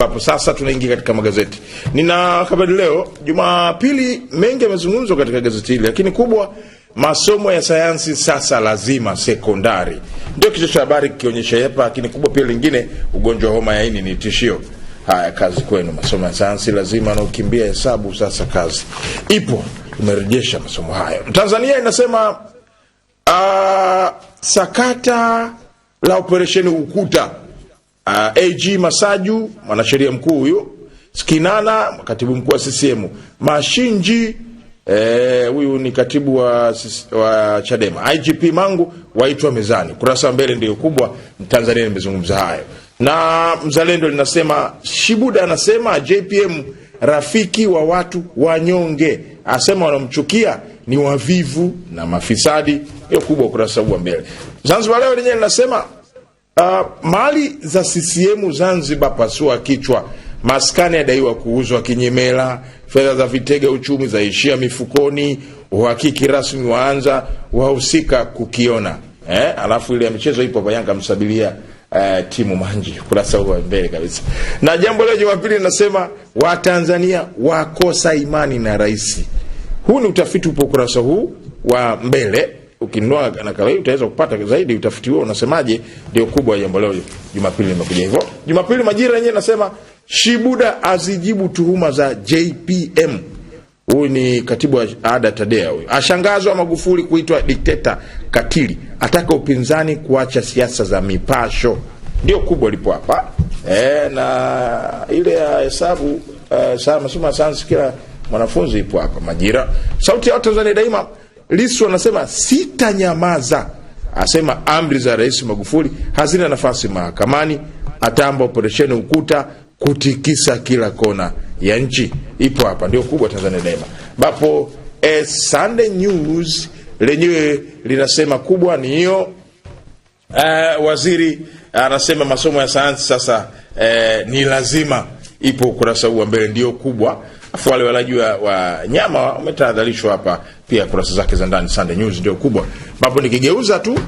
Hapo sasa tunaingia katika magazeti. Nina habari leo Jumapili, mengi yamezungumzwa katika gazeti hili, lakini kubwa, masomo ya sayansi sasa lazima sekondari, ndio kichwa cha habari kikionyesha hapa, lakini kubwa pia lingine, ugonjwa wa homa ya ini ni tishio. Haya, kazi kwenu, masomo ya sayansi lazima, anaokimbia hesabu sasa, kazi ipo, imerejesha masomo hayo. Tanzania inasema uh, sakata la operesheni Ukuta uh, ah, AG Masaju mwanasheria mkuu huyo, Skinana katibu mkuu wa CCM, Mashinji eh, huyu e, ni katibu wa, wa Chadema, IGP Mangu waitwa mezani. Kurasa mbele ndio kubwa, Tanzania imezungumza hayo na Mzalendo linasema Shibuda anasema JPM rafiki wa watu wanyonge, asema wanamchukia ni wavivu na mafisadi. Hiyo kubwa ukurasa wa mbele. Zanzibar Leo lenyewe linasema Uh, mali za CCM Zanzibar pasua kichwa, maskani adaiwa kuuzwa kinyemela, fedha za vitega uchumi zaishia mifukoni, uhakiki rasmi waanza, wahusika kukiona eh? Alafu ile ya michezo ipo kwa Yanga msabilia Uh, timu manji kurasa huo mbele kabisa. Na jambo leo Jumapili linasema Watanzania wakosa imani na rais. Huu ni utafiti upo ukurasa huu wa mbele ukinunua nakala hii utaweza kupata zaidi, utafiti huo unasemaje. Ndio kubwa ya jambo leo Jumapili limekuja hivyo. Jumapili Majira yenyewe nasema Shibuda azijibu tuhuma za JPM. Huyu ni katibu wa ada Tadea, huyu ashangazwa Magufuli kuitwa dikteta katili, ataka upinzani kuacha siasa za mipasho. Ndio kubwa lipo hapa e, na ile ya hesabu uh, e, masomo ya sayansi kila mwanafunzi ipo hapa Majira. Sauti ya Tanzania Daima Lisu anasema sitanyamaza, asema amri za Rais Magufuli hazina nafasi mahakamani, atamba operesheni Ukuta kutikisa kila kona ya nchi. Ipo hapa, ndio kubwa Tanzania Daima, ambapo e, eh, Sunday News lenyewe linasema kubwa ni hiyo. Uh, waziri anasema masomo ya sayansi sasa, uh, ni lazima. Ipo ukurasa huu wa mbele, ndio kubwa. Afu wale walaji wa, wa nyama wametahadharishwa hapa pia, kurasa zake za ndani Sunday News ndio kubwa, ambapo nikigeuza tu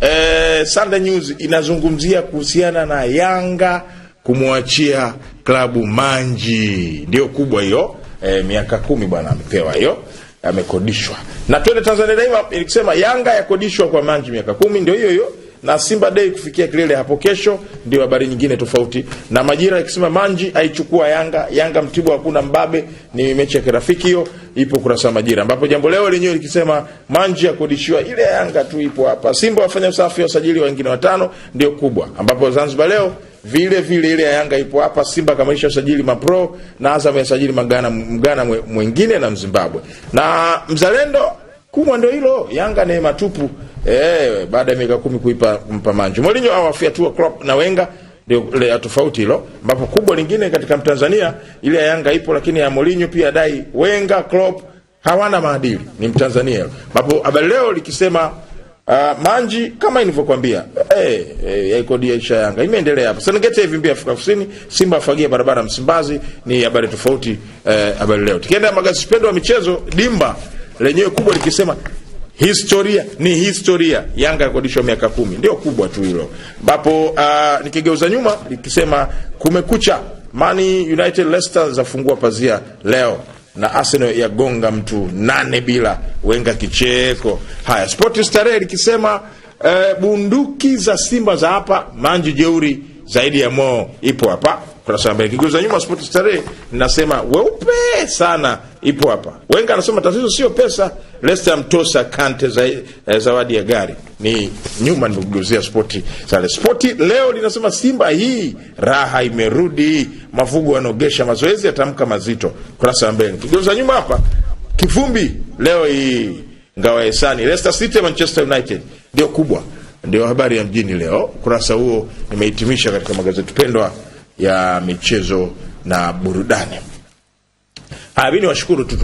eh, Sunday News inazungumzia kuhusiana na Yanga kumwachia klabu Manji, ndio kubwa hiyo. Eh, miaka kumi bwana amepewa hiyo, amekodishwa. Na twende Tanzania Daima ilisema Yanga yakodishwa kwa Manji miaka kumi, ndio hiyo hiyo na Simba dei kufikia kilele hapo kesho, ndio habari nyingine tofauti. Na Majira ikisema Manji aichukua Yanga, Yanga mtibu hakuna mbabe, ni mechi ya kirafiki hiyo, ipo kurasa Majira, ambapo Jambo Leo lenyewe likisema Manji akodishiwa ile Yanga tu ipo hapa. Simba wafanya usafi wa usajili wengine watano, ndio kubwa, ambapo Zanzibar Leo vile vile ile ya Yanga ipo hapa. Simba kamaisha usajili mapro na Azam ya sajili magana mgana mwingine na Mzimbabwe na Mzalendo kubwa, ndio hilo Yanga neema tupu eh, baada ya miaka kumi kuipa mpa manju. Mourinho awafiatua Klopp na wenga ndio ya tofauti hilo, ambapo kubwa lingine katika Mtanzania ile ya Yanga ipo, lakini ya mwalinyo pia dai wenga Klopp hawana maadili, ni Mtanzania ambapo habari leo likisema Uh, manji kama ilivyokwambia eh hey, eh, hey, yaikodiaisha Yanga imeendelea hapa Serengeti mbia Afrika Kusini, Simba afagia barabara Msimbazi. Ni habari tofauti eh, habari eh, leo. Tukienda magazeti pendo wa michezo, Dimba lenyewe kubwa likisema Historia ni historia. Yanga yakodishwa miaka kumi, ndio kubwa tu hilo, ambapo uh, ah, nikigeuza nyuma likisema kumekucha, mani United Leicester zafungua pazia leo na Arsenal yagonga mtu nane bila wenga kicheko. Haya, Sporti Starehe likisema uh, eh, bunduki za Simba za hapa manji jeuri zaidi ya moo ipo hapa kurasa mbele. Kigeuza nyuma Sport Starehe nasema weupe sana ipo hapa. wengi anasema tatizo sio pesa, Leicester mtosa Kante za, eh, zawadi ya gari. Ni nyuma nimekugeuzia Sport Starehe. Sport leo linasema Simba hii raha imerudi, mafugo wanogesha mazoezi yatamka mazito. Kurasa mbele. Kigeuza nyuma hapa Kifumbi leo hii ngawa esani Leicester City Manchester United ndio kubwa. Ndio habari ya mjini leo. Ukurasa huo nimehitimisha katika magazeti pendwa ya michezo na burudani. Haya, mimi niwashukuru tu.